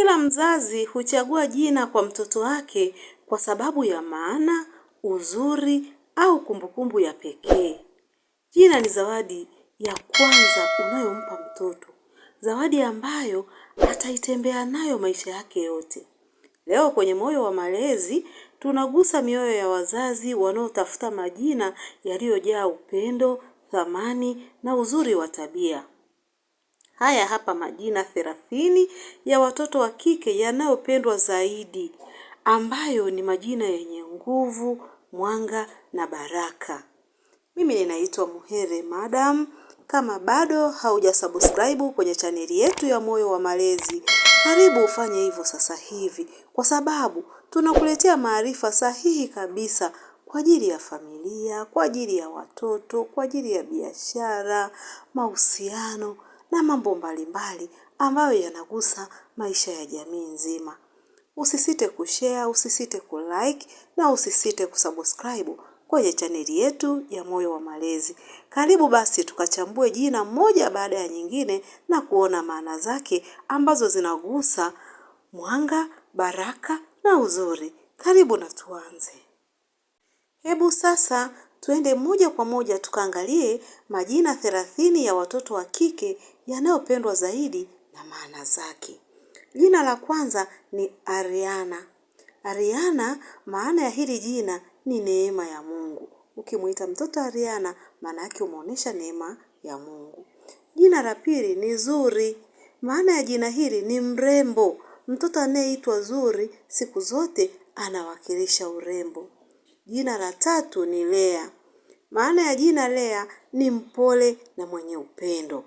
Kila mzazi huchagua jina kwa mtoto wake kwa sababu ya maana, uzuri au kumbukumbu ya pekee. Jina ni zawadi ya kwanza unayompa mtoto. Zawadi ambayo ataitembea nayo maisha yake yote. Leo kwenye Moyo wa Malezi, tunagusa mioyo ya wazazi wanaotafuta majina yaliyojaa upendo, thamani na uzuri wa tabia. Haya hapa majina thelathini ya watoto wa kike yanayopendwa zaidi, ambayo ni majina yenye nguvu, mwanga na baraka. Mimi ninaitwa Muhere Madam. Kama bado haujasubscribe kwenye chaneli yetu ya Moyo wa Malezi, karibu ufanye hivyo sasa hivi, kwa sababu tunakuletea maarifa sahihi kabisa kwa ajili ya familia, kwa ajili ya watoto, kwa ajili ya biashara, mahusiano na mambo mbalimbali ambayo yanagusa maisha ya jamii nzima. Usisite kushare, usisite kulike na usisite kusubscribe kwenye chaneli yetu ya Moyo wa Malezi. Karibu basi tukachambue jina moja baada ya nyingine na kuona maana zake ambazo zinagusa mwanga, baraka na uzuri. Karibu na tuanze. Hebu sasa Tuende moja kwa moja tukaangalie majina thelathini ya watoto wa kike yanayopendwa zaidi na maana zake. Jina la kwanza ni Ariana. Ariana, maana ya hili jina ni neema ya Mungu. Ukimuita mtoto Ariana, maana yake umeonyesha neema ya Mungu. Jina la pili ni Zuri. Maana ya jina hili ni mrembo. Mtoto anayeitwa Zuri siku zote anawakilisha urembo. Jina la tatu ni Lea. Maana ya jina Lea ni mpole na mwenye upendo.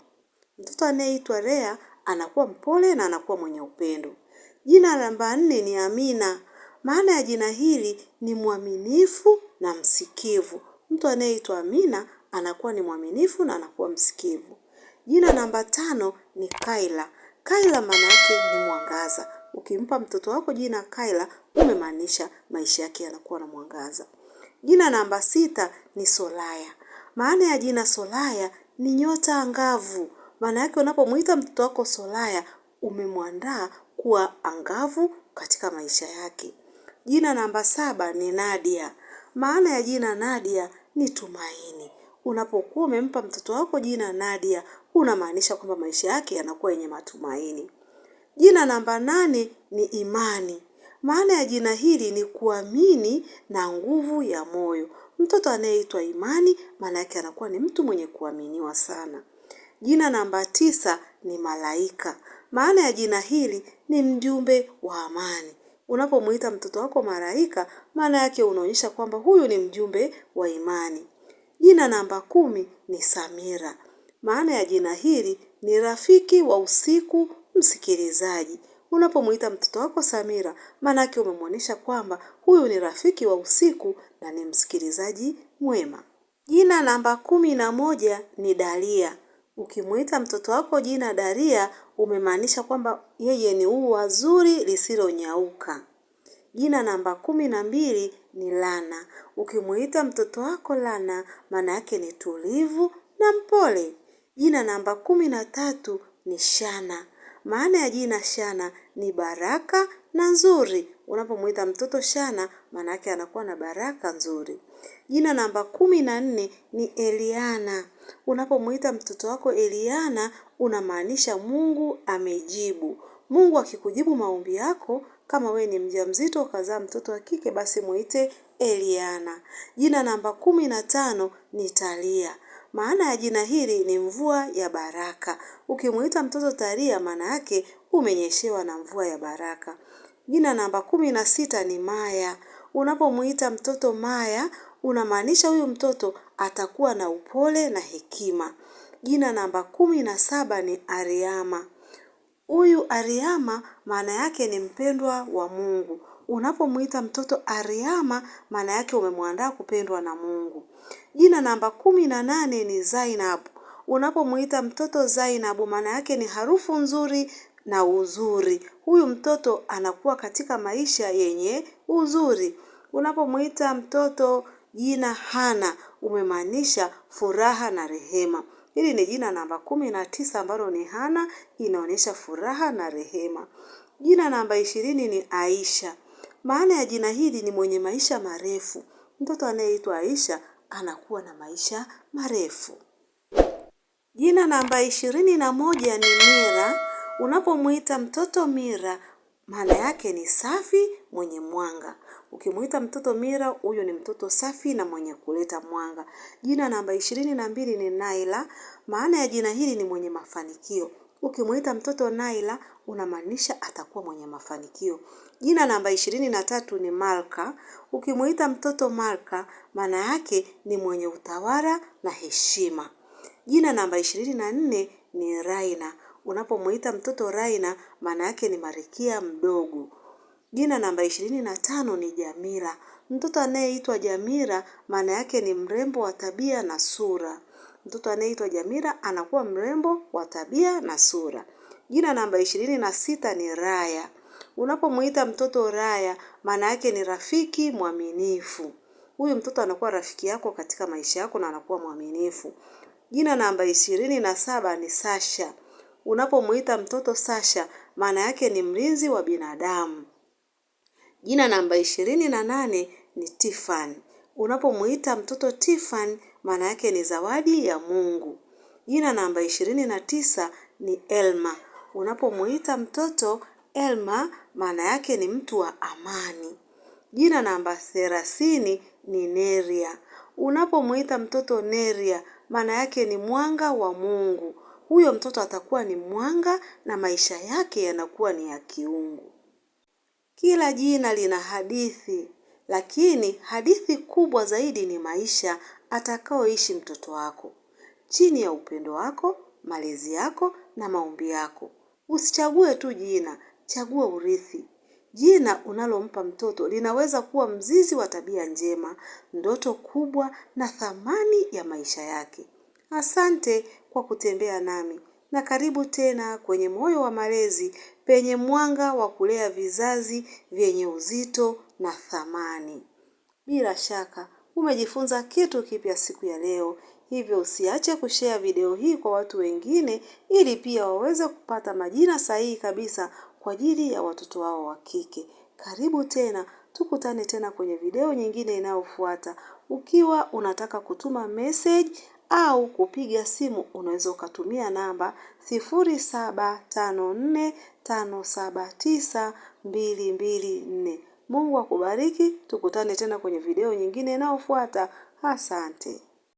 Mtoto anayeitwa Lea anakuwa mpole na anakuwa mwenye upendo. Jina namba nne ni Amina. Maana ya jina hili ni mwaminifu na msikivu. Mtu anayeitwa Amina anakuwa ni mwaminifu na anakuwa msikivu. Jina namba tano ni Kaila. Kaila maana yake ni mwangaza. Ukimpa mtoto wako jina Kaila, umemaanisha maisha yake yanakuwa na mwangaza. Jina namba sita ni Solaya. Maana ya jina Solaya ni nyota angavu. Maana yake unapomwita mtoto wako Solaya, umemwandaa kuwa angavu katika maisha yake. Jina namba saba ni Nadia. Maana ya jina Nadia ni tumaini. Unapokuwa umempa mtoto wako jina Nadia, unamaanisha kwamba maisha yake yanakuwa yenye matumaini. Jina namba nane ni imani. Maana ya jina hili ni kuamini na nguvu ya moyo. Mtoto anayeitwa Imani maana yake anakuwa ni mtu mwenye kuaminiwa sana. Jina namba tisa ni malaika. Maana ya jina hili ni mjumbe wa amani. Unapomuita mtoto wako malaika, maana yake unaonyesha kwamba huyu ni mjumbe wa imani. Jina namba kumi ni Samira. Maana ya jina hili ni rafiki wa usiku Msikilizaji, unapomuita mtoto wako Samira, maanake umemwonyesha kwamba huyu ni rafiki wa usiku na ni msikilizaji mwema. Jina namba kumi na moja ni Dalia. Ukimuita mtoto wako jina Dalia, umemaanisha kwamba yeye ni ua zuri lisilonyauka. Jina namba kumi na mbili ni Lana. Ukimuita mtoto wako Lana, maana yake ni tulivu na mpole. Jina namba kumi na tatu ni Shana. Maana ya jina Shana ni baraka na nzuri. Unapomuita mtoto Shana, maana yake anakuwa na baraka nzuri. Jina namba kumi na nne ni Eliana. Unapomuita mtoto wako Eliana, unamaanisha Mungu amejibu. Mungu akikujibu maombi yako, kama we ni mjamzito ukazaa mtoto wa kike, basi muite Eliana. Jina namba kumi na tano ni talia maana ya jina hili ni mvua ya baraka. Ukimuita mtoto taria maana yake umenyeshewa na mvua ya baraka. Jina namba kumi na sita ni Maya. Unapomuita mtoto Maya, unamaanisha huyu mtoto atakuwa na upole na hekima. Jina namba kumi na saba ni Ariama. Huyu Ariama maana yake ni mpendwa wa Mungu. Unapomuita mtoto Ariama, maana yake umemwandaa kupendwa na Mungu. Jina namba kumi na nane ni Zainab. Unapomuita mtoto Zainab, maana yake ni harufu nzuri na uzuri. Huyu mtoto anakuwa katika maisha yenye uzuri. Unapomuita mtoto jina Hana, umemaanisha furaha na rehema. Hili ni jina namba kumi na tisa ambalo ni Hana, inaonyesha furaha na rehema. Jina namba ishirini ni Aisha. Maana ya jina hili ni mwenye maisha marefu. Mtoto anayeitwa Aisha anakuwa na maisha marefu. Jina namba ishirini na moja ni Mira. Unapomuita mtoto Mira, maana yake ni safi, mwenye mwanga. Ukimuita mtoto Mira, huyo ni mtoto safi na mwenye kuleta mwanga. Jina namba ishirini na mbili ni Naila. Maana ya jina hili ni mwenye mafanikio. Ukimwita mtoto Naila unamaanisha atakuwa mwenye mafanikio. Jina namba ishirini na tatu ni Malka. Ukimwita mtoto Malka, maana yake ni mwenye utawala na heshima. Jina namba ishirini na nne ni Raina. Unapomwita mtoto Raina, maana yake ni marikia mdogo. Jina namba ishirini na tano ni Jamila. Mtoto anayeitwa Jamila, maana yake ni mrembo wa tabia na sura. Mtoto anayeitwa Jamila anakuwa mrembo wa tabia na sura. Jina namba ishirini na sita ni Raya. Unapomuita mtoto Raya, maana yake ni rafiki mwaminifu. Huyu mtoto anakuwa rafiki yako katika maisha yako na anakuwa mwaminifu. Jina namba ishirini na saba ni Sasha. Unapomuita mtoto Sasha, maana yake ni mlinzi wa binadamu. Jina namba ishirini na nane ni Tiffany. Unapomuita mtoto Tiffany, maana yake ni zawadi ya Mungu. Jina namba ishirini na tisa ni Elma. Unapomuita mtoto Elma, maana yake ni mtu wa amani. Jina namba thelathini ni Neria. Unapomuita mtoto Neria, maana yake ni mwanga wa Mungu. Huyo mtoto atakuwa ni mwanga na maisha yake yanakuwa ni ya kiungu. Kila jina lina hadithi, lakini hadithi kubwa zaidi ni maisha atakaoishi mtoto wako, chini ya upendo wako, malezi yako na maombi yako. Usichague tu jina, chagua urithi. Jina unalompa mtoto linaweza kuwa mzizi wa tabia njema, ndoto kubwa na thamani ya maisha yake. Asante kwa kutembea nami na karibu tena kwenye Moyo wa Malezi, penye mwanga wa kulea vizazi vyenye uzito na thamani. Bila shaka umejifunza kitu kipya siku ya leo. Hivyo usiache kushare video hii kwa watu wengine ili pia waweze kupata majina sahihi kabisa kwa ajili ya watoto wao wa kike. Karibu tena, tukutane tena kwenye video nyingine inayofuata. Ukiwa unataka kutuma message au kupiga simu, unaweza ukatumia namba 0754579224. Mungu akubariki, tukutane tena kwenye video nyingine inayofuata. Asante.